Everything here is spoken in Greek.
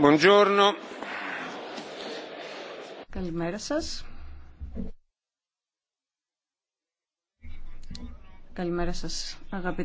Buongiorno. Καλημέρα σας. Καλημέρα σας, αγαπητοί.